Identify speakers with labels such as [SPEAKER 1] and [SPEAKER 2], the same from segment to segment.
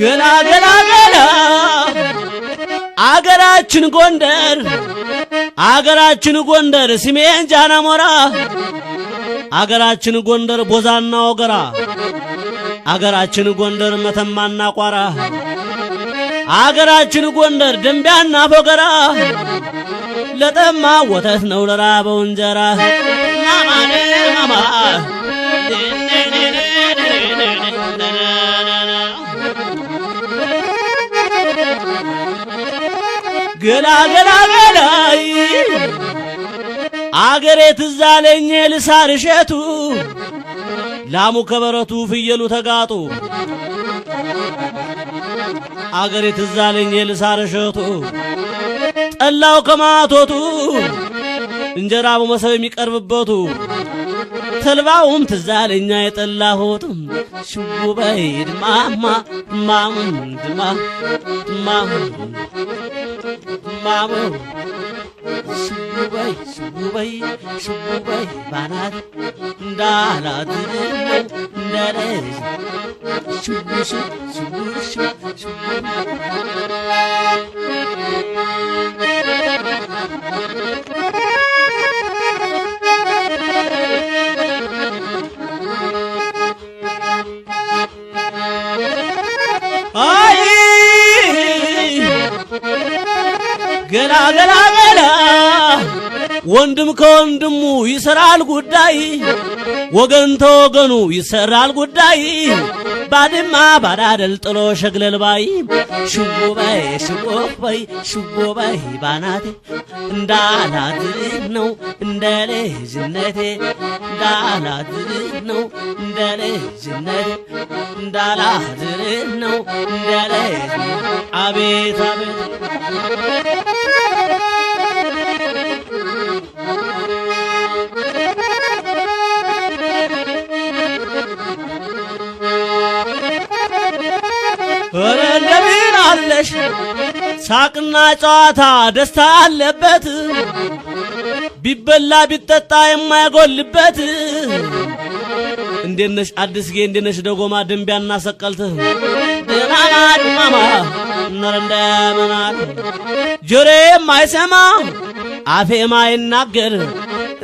[SPEAKER 1] ገና ገና ገና አገራችን ጎንደር አገራችን ጎንደር ሲሜን ጃና ሞራ አገራችን ጎንደር ቦዛና ወገራ አገራችን ጎንደር መተማና ቋራ አገራችን ጎንደር ደንቢያና ፎገራ ለጠማ ወተት ነው ለራበው እንጀራ ማማኔ ማማ ገላ ገላ ገላይ አገሬ ትዝ አለኝ ልሳን እሸቱ ላሙ ከበረቱ ፍየሉ ተጋጡ አገሬ ትዝ አለኝ ልሳን እሸቱ ጠላው ከማቶቱ እንጀራ በመሰብ የሚቀርብበቱ ተልባውም ትዝ የጠላሁትም ሽው በይ ድማ ድማ ድማ ድማ ማበው ሽሙበይ ሽሙበይ ሽሙበይ ባናት እንዳላት እንደለይ ሽሙሽ ሽሙሽ ሽሙሽ ገና ገና ገና ወንድም ከወንድሙ ይሰራል ጉዳይ፣ ወገን ተወገኑ ይሰራል ጉዳይ ባድማ ባዳደል ጥሎ ሸግለል ባይ ባይ ሸግለልባይ ባይ ሽቦባይ ባይ ባናቴ እንዳላት ነው እንደ ልጅነቴ እንዳላት ነው እንደ ልጅነቴ እንዳላት ነው እንደ ልጅ አቤት አቤት ነሽ ሳቅና ጨዋታ ደስታ አለበት ቢበላ ቢጠጣ የማይጎልበት እንዴነሽ አዲስጌ እንዴነሽ ደጎማ ደንቢያና ሰቀልትህ ደናናት ማማ ነረንደምናት ጆሬ የማይሰማ አፌ የማይናገር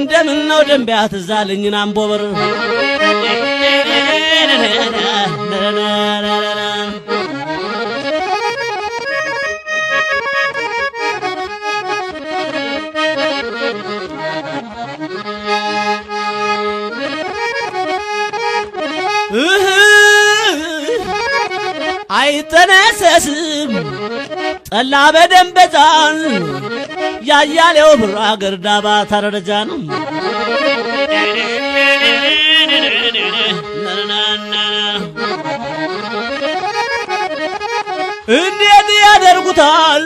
[SPEAKER 1] እንደምን ነው ደንቢያ ትዛልኝን አንቦበር ተነሰስም ጠላ በደንበዛን ያያሌው ብራ አገር ዳባ ነው እንዴት ያደርጉታል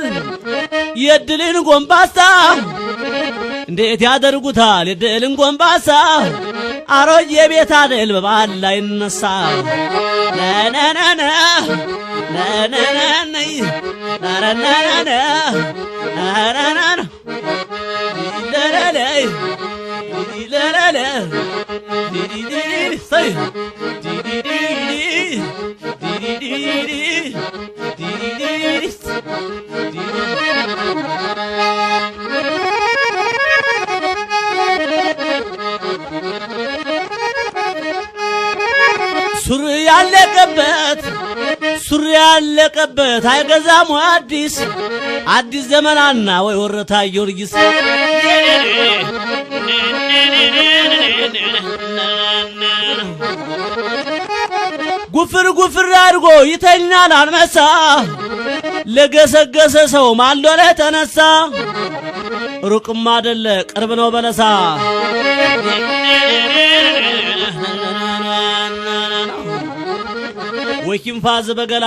[SPEAKER 1] የድልን ጎንባሳ እንዴት ያደርጉታል የድልን ጎንባሳ አሮ ቤት አደል በባል ላይ ይነሳ ነነነ ሱር ያለቀበት ያለቀበት አይገዛም አዲስ አዲስ ዘመናና ወይ ወረታ ጊዮርጊስ ጉፍር ጉፍር አድርጎ ይተኛል አንበሳ ለገሰገሰ ሰው ማልዶለ ተነሳ ሩቅም አደለ ቅርብ ነው በለሳ ወኪንፋዝ በገላ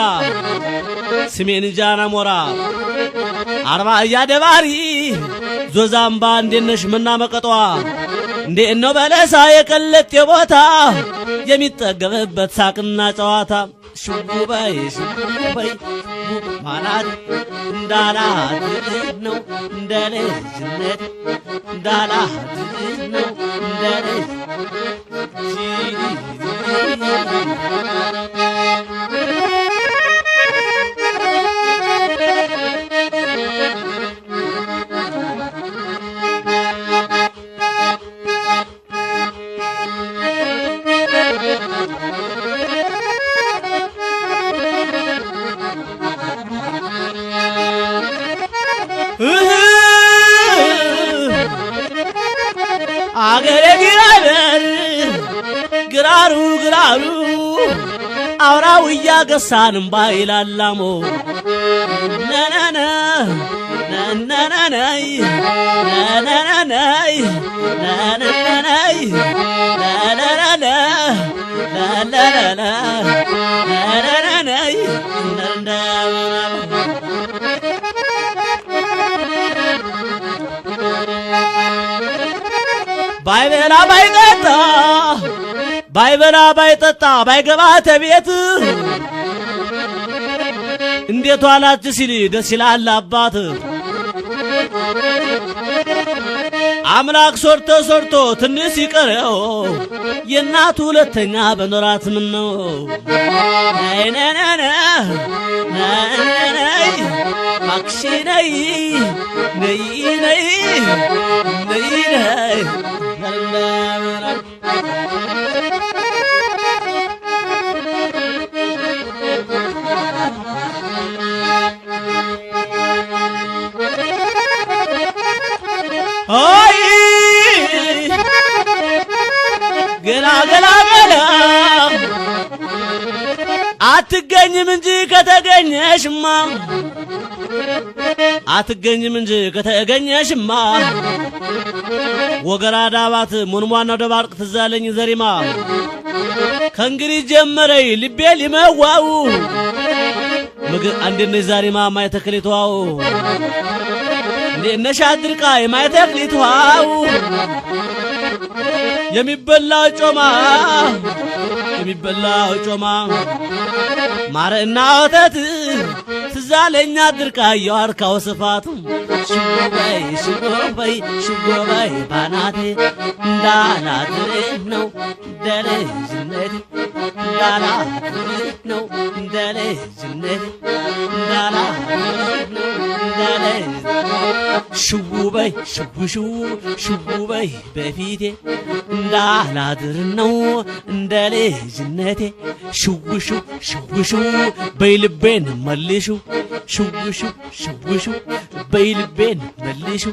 [SPEAKER 1] ስሜን ጃና ሞራ አርባ እያደባሪ ዞዛምባ እንዴነሽ ምና መቀጧ እንዴ ነው በለሳ የቀለጥ የቦታ የሚጠገብበት ሳቅና ጨዋታ ሽቡ በይ ማናት እንዳላት ነው እንደ ልጅነት እንዳላት ነው እንደ ልጅ ግራሩ ግራሩ አውራው እያገሳን ባይላላሞ ነነነ ነነነነይ ነነነነይ ነነነነይ ነነነነ ነነነነ ነነነነይ ባይበላ ባይጠጣ ባይበላ ባይጠጣ ባይገባህ ቤት እንዴት ዋላችሁ ሲል ደስ ይላል አባት። አምላክ ሰርቶ ሰርቶ ትንሽ ይቀረው የእናቱ ሁለተኛ በኖራት ምን ነው ነይ ነይ ነይ አትገኝም እንጂ ከተገኘሽማ አትገኝም እንጂ ከተገኘሽማ ወገራ ዳባት ሞንሟናው ደባርቅ ትዛለኝ ዘሪማ ከእንግዲህ ጀመረይ ልቤ ሊመዋው ምግብ አንድነሽ ዛሪማ ማየተክሊቷው እንዴነሽ አድርቃ የማየተክሊቷው የሚበላ ጮማ የሚበላ ጮማ ማርና ወተት ትዛለኛ ድርቃየው አርካው ስፋቱ ሽጎበይ ሽጎ ሽጎበይ ባናቴ እንዳናትሬ ነው ደልጅነት እንዳላ ነው እንደልጅነት እንዳላ ነው እንዳልጅነት ሽውበይ ሽውሽው ሽውበይ በፊቴ እንዳላድር ነው እንደ ልጅነቴ ሽውሹ ሽውሹ በይልቤን መልሹ ሽውሹ ሽውሹ በይልቤን መልሹ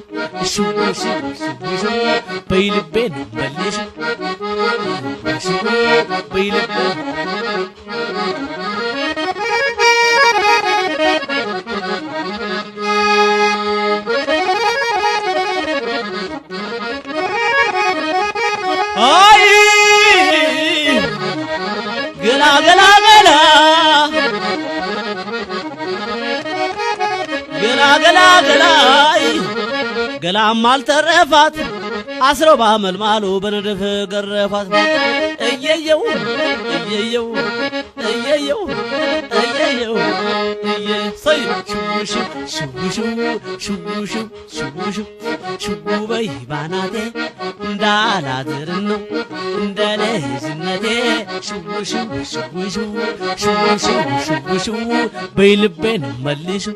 [SPEAKER 1] ሽውሹ ሽውሹ በይልቤን መልሹ Gracias. አይ ገላ ገላ ገላም አልተረፋት አስረው ባመልማሉ በነደፍ ገረፋት yo, ay yo, ay yo, ay yo, say shoo shoo shoo shoo shoo shoo shoo shoo shoo bay bana de daladır no dalazinne de shoo shoo shoo shoo shoo shoo shoo shoo bay lübben malli shoo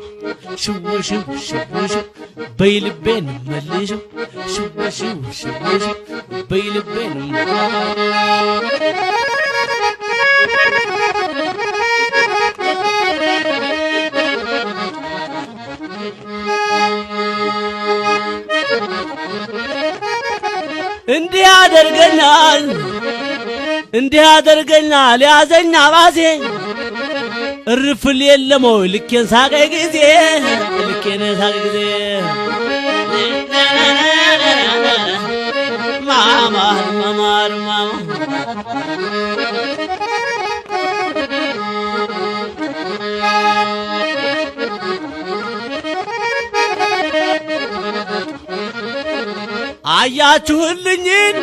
[SPEAKER 1] shoo shoo shoo shoo በይልቤን መልሾ ሽወሽው ሽወሽ በይልቤን እንዲህ ያደርገናል እንዲህ ያደርገኛል ያዘኛ ባሴ እርፍል የለሞ ልኬን ሳቀይ ጊዜ ልኬን ሳቅ ጊዜ ማማር ማማር አያችሁልኝን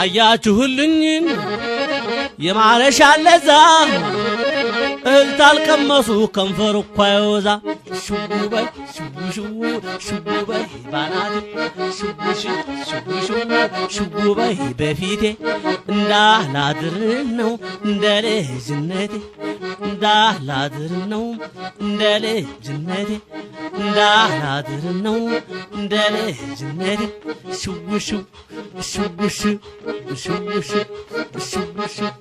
[SPEAKER 1] አያችሁልኝን የማረሻ ለዛ እልል አልቀመሱ ከንፈር እኳ ይወዛ ሽው በይ ሽው ሽው ሽው በይ ባናት ሽው ሽው ሽው ሽው በይ በፊቴ እንዳላድር ነው እንደ ልጅነቴ እንዳላድር ነው እንደ ልጅነቴ እንዳላድር ነው እንደ ልጅነቴ ሽው ሽው ሽው ሽው ሽው ሽው ሽው